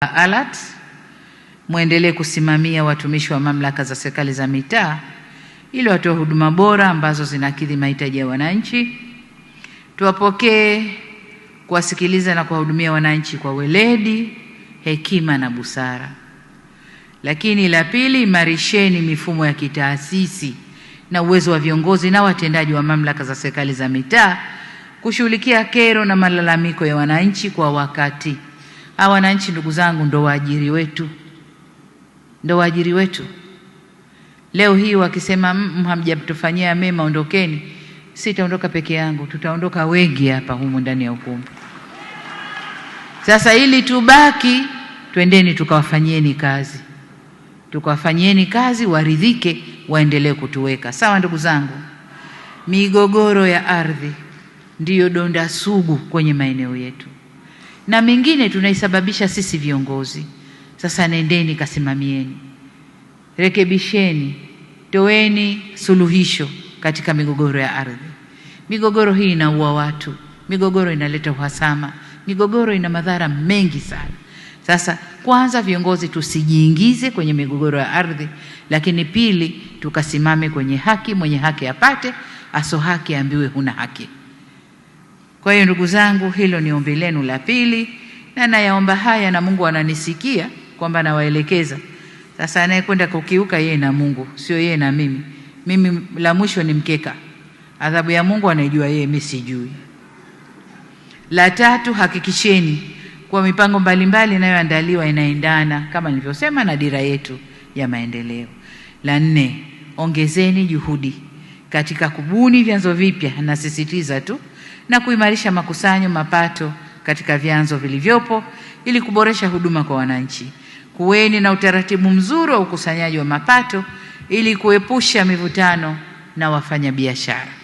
ALAT mwendelee kusimamia watumishi wa mamlaka za serikali za mitaa ili watoe huduma bora ambazo zinakidhi mahitaji ya wananchi. Tuwapokee, kuwasikiliza na kuwahudumia wananchi kwa weledi, hekima na busara. Lakini la pili, imarisheni mifumo ya kitaasisi na uwezo wa viongozi na watendaji wa mamlaka za serikali za mitaa kushughulikia kero na malalamiko ya wananchi kwa wakati Hawa wananchi ndugu zangu, ndo waajiri wetu, ndo waajiri wetu. Leo hii wakisema hamjatufanyia mema, ondokeni, sitaondoka peke yangu, tutaondoka wengi hapa humu ndani ya ukumbi. Sasa ili tubaki, twendeni tukawafanyieni kazi, tukawafanyieni kazi, waridhike, waendelee kutuweka sawa. Ndugu zangu, migogoro ya ardhi ndiyo donda sugu kwenye maeneo yetu na mingine tunaisababisha sisi viongozi. Sasa nendeni kasimamieni, rekebisheni, toweni suluhisho katika migogoro ya ardhi. Migogoro hii inaua watu, migogoro inaleta uhasama, migogoro ina madhara mengi sana. Sasa kwanza, viongozi tusijiingize kwenye migogoro ya ardhi, lakini pili, tukasimame kwenye haki. Mwenye haki apate, aso haki aambiwe huna haki. Kwa hiyo ndugu zangu, hilo ni ombi lenu la pili, na nayaomba haya na Mungu ananisikia kwamba nawaelekeza. Sasa anayekwenda kukiuka yeye na Mungu, sio yeye na mimi. Mimi la mwisho ni mkeka, adhabu ya Mungu anaijua yeye, mimi sijui. La tatu, hakikisheni kwa mipango mbalimbali inayoandaliwa inaendana kama nilivyosema na dira yetu ya maendeleo. La nne, ongezeni juhudi katika kubuni vyanzo vipya, nasisitiza tu, na kuimarisha makusanyo mapato katika vyanzo vilivyopo ili kuboresha huduma kwa wananchi. Kuweni na utaratibu mzuri wa ukusanyaji wa mapato ili kuepusha mivutano na wafanyabiashara.